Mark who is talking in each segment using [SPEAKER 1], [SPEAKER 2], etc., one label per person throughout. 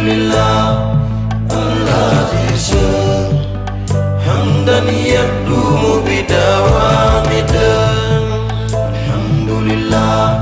[SPEAKER 1] Alhamdulillah Allah Yesu Hamdan yakdumu bidawamida Alhamdulillah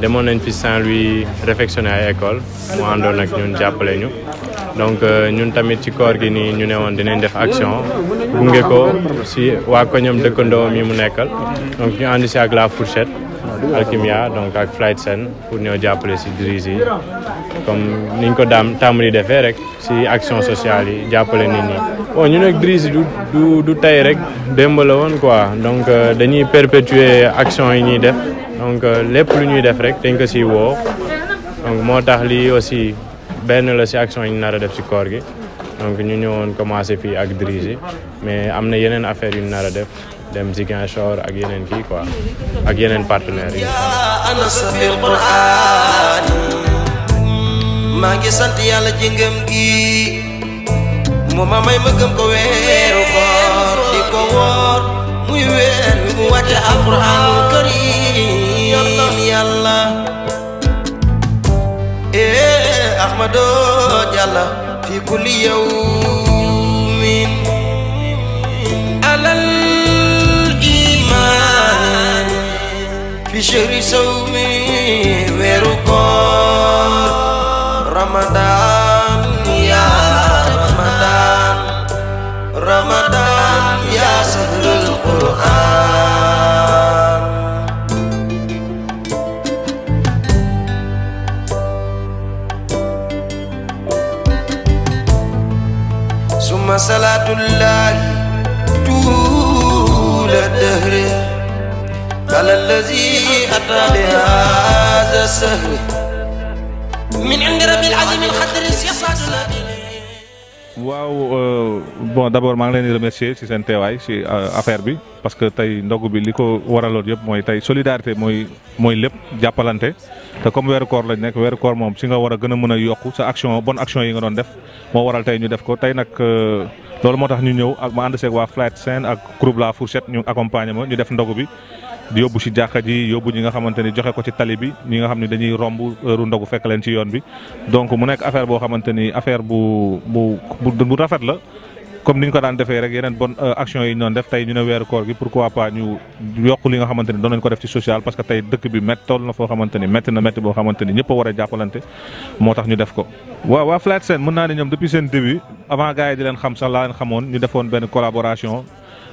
[SPEAKER 2] demoon nañu fi Saint-Louis réfectionné ay école mu àndoon ak ñun jàppale ñu donc euh, ñun tamit ci koor gi nii ñu ne woon dinañ def action gunge ko si waa koñam dëkkandoom yi mu nekkal donc ñu ànd si ak la fourchette Alkimia donc ak Flight Sen pour ñoo jàppale si dirige yi comme niñ ko daam tàmm di defee rek si action sociale yi jàppale nit ñi. ñu nag dirige du du du tey rek démb la woon quoi donc euh, dañuy perpétuer action yi ñuy def donc euh, lépp lu ñuy def rek dañ ko si woo donc moo tax lii aussi benn la si action yi ñu nar a def si koor gi donc ñu ñëwoon commencé fii ak yi mais am na yeneen affaire yu ñu nar a def. dem si shor ak yenen ki quoi ak yeneen partenaires ya
[SPEAKER 1] yi. maa ngi sant yalla ci ngeum gi mo ma may ma gem ko weeru ko di ko wor muy weer mu wàcce alquran karim yalla eh ahmado yalla fi kulli yawm بشهر صومي ويرقى رمضان يا رمضان رمضان يا سهر القرآن ثم صلاة الله طول الدهر قال الذي أتى لهذا السهل من عند ربي العظيم الخدر يصعد
[SPEAKER 3] واو بون دابور ماغ لين ريميرسي سي سنتي واي parce que tey ndogu bi li ko waraloon yëpp mooy tey solidarité mooy mooy lépp jàppalante te comme weeru koor lañ nekk weeru koor moom si nga war a gën a mën a yokku sa action bonne action yi nga doon def moo waral tey ñu def ko tey nag euh, loolu moo tax ñu ñëw ak ma ànd seeg waa Flight Sen ak groupe La Fourchette ñu accompagner ma ñu def ndogu bi yóbbu si jàkka ji yóbbu ñi nga xamante ni joxe ko ci tali bi ñi nga xam ne dañuy romb heure ndogu fekk leen ci yoon bi donc mu nekk affaire boo xamante ni affaire bu bu bu rafet la comme ni ñu ko daan defee rek yeneen bonne euh, action yi ñu def tey ñu ne weeru koor gi pourquoi pas ñu yokk li nga xamante ni ko def ci social parce que tey dëkk bi métti toll na foo xamante ni métti na métti boo xamante ni a war a jàppalante moo tax ñu def ko. waaw waa Flat Sen mën naa ne ñoom depuis seen début avant gars yi di leen xam sax laa leen xamoon ñu defoon benn collaboration.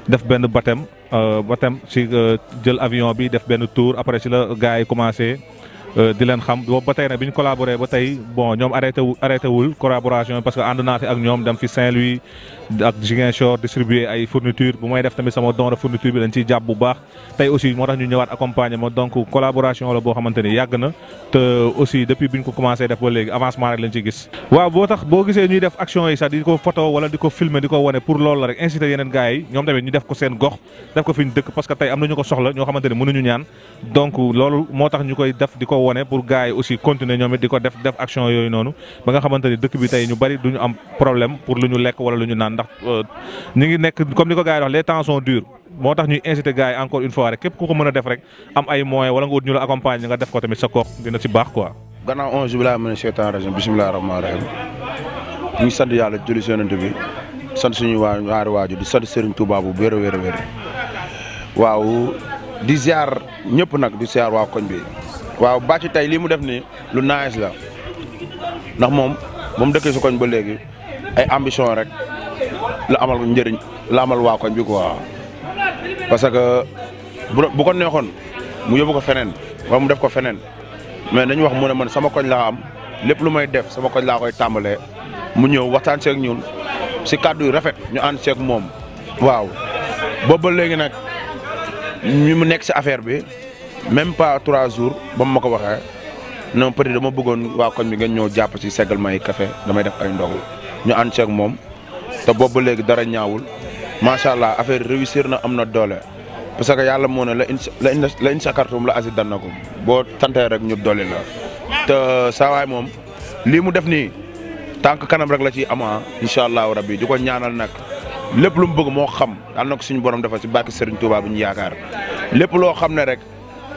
[SPEAKER 3] def benn baptême euh, baptême ci euh, jël avion bi def benn tour après ci la gars yi commencé Euh, di leen xam boobu ba tey nag ñu collaboré ba tey bon ñoom arrêté collaboration parce que ànd fi ak ñoom dem fi Saint-Louis ak Ziguinchor distribuer ay fourniture bu may def tamit sama don fourniture bi dañ ciy jàpp bu baax tey aussi moo tax ñu ñëwaat accompagner donc collaboration la boo xamante ni na te aussi depuis bi ñu ko commencé def ba léegi avancement rek lañ ci gis waaw boo tax boo gisee ñuy def action yi sax di ko photo wone pour gars yi aussi continuer ñoom it di ko def def action yooyu noonu ba nga xamante ni dëkk bi tey ñu bari duñu am problème pour lu ñu lekk wala lu ñu naan ndax euh, ñu ngi nekk comme ni ko gars yi wax les temps sont durs moo tax ñuy inciter gars yi encore une fois rek képp ku ko mën a def rek am ay moyens wala nga ut ñu la accompagner nga def ko tamit sa koox dina ci baax quoi.
[SPEAKER 4] gannaaw onze billahi mina sheytaan rajim bismillahi rahmaani rahim ñu sant yàlla julli ci yonent bi sant suñu waa ñaari waaju di sant Serigne Touba bu wér a wér a wér di ziar ñëpp nag di waa koñ bi waaw yi tey lii mu def nii lu nice la ndax moom ba mu dëkkee su koñ ba léegi ay ambition rek lu amal njëriñ la amal waa koñ bi quoi parce que bu ko neexoon mu yóbbu ko feneen wala mu def ko feneen mais nañu wax mu ne man sama koñ laa am lépp lu may def sama koñ laa koy tàmbalee mu ñëw waxtaan seeg ñun si kàddu yu rafet ñu ànd seeg moom waaw boobu ba léegi nag mi mu nekk si affaire bi même pas trois jours ba mu ma ko waxee non peut être dama bëggoon waa koñ mi ngeen ñëw jàpp ci seggal may kafe damay def ay ndongo ñu ànd ceeg moom te boobu ba léegi dara ñaawul macha allah affaire réussir na am na doole. parce que yàlla moo ne la in la in la in sakartum la asid boo santee rek ñu dolli la te saawaay moom lii mu def nii tànk kanam rek la ci ama ah, incha allahu rabbi di ko ñaanal nag lépp lu mu bëgg moo xam yàlla na ko suñu borom defal ci barke Serigne Touba bu ñu yaakaar lépp loo xam ne rek.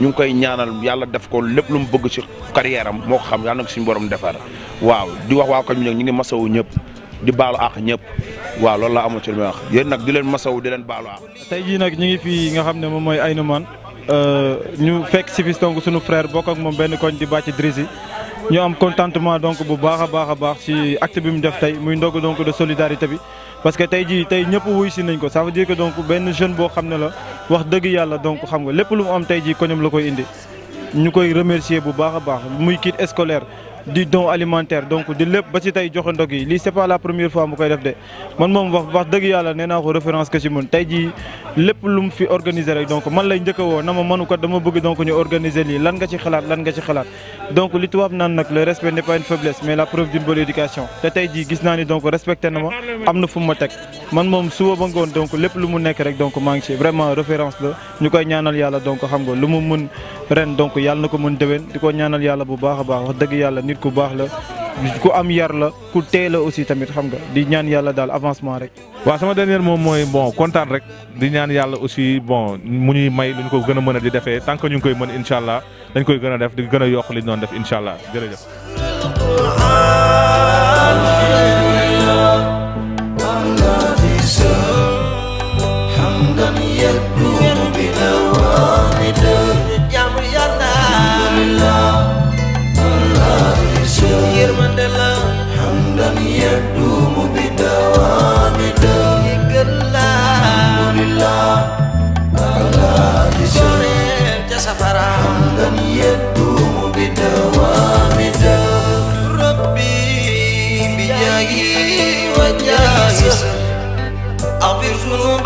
[SPEAKER 4] ñu ngi koy ñaanal yàlla def ko lépp lu mu bëgg ci carrière moo xam yàlla na ko suñu borom defar waaw di wax waa koñ bi nag ñu ngi masawu ñëpp di baalu àq ñëpp waaw loolu laa amoon ci yéen nag di leen masawu di leen baalu àq. tey
[SPEAKER 2] jii nag ñu fii nga xam ne moom mooy Aynou Mane euh, ñu fekk si fii donc suñu frère bokk ak moom benn koñ di bàcc Drissi ñu am contentement donc bu baax a baax a baax ci acte bi mu def tey muy ndogu donc de solidarité bi. parce que tey jii tey ñëpp wuyu si nañ ko ça veut dire benn jeune boo xam ne la wax dëgg yàlla donc xam nga lépp lu mu am tey jii koñam la koy indi ñu koy remercier bu baax a baax muy kit scolaire du don alimentaire donc di lepp ba ci tay joxe ndog yi c'est pas la première fois mu koy def de man mom wax wax dëgg yalla nee ko référence que ci mun tay ji lepp lu mu fi organiser rek donc man lay njëkk a nama na mënu ko dama bëgg donc ñu organiser li lan nga ci xalaat lan nga ci xalaat donc li tubaab nan nak le respect n'est pas une faiblesse mais la preuve d'une bonne éducation te tay ji gis naa donc respecté na ma am fu mu ma teg man mom suwa ba ngoon donc lepp lu mu nekk rek donc ma ngi ci vraiment référence la ñu ñaanal yalla donc xam nga lu mu mun ren donc yalla nako ko mun déwén di ñaanal yalla bu baaxa baax wax dëgg yalla nit ku baax la ku am yar la ku tee la aussi
[SPEAKER 3] tamit xam nga di ñaan yàlla daal avancement rek. waa sama dernier moom mooy bon kontaan rek di ñaan yàlla aussi bon mu ñuy may lu ñu ko gën a mën a di defee tant que ñu ngi koy mën incha allah dañ koy gën a def di gën a yokk li ñu doon def incha allah jërëjëf.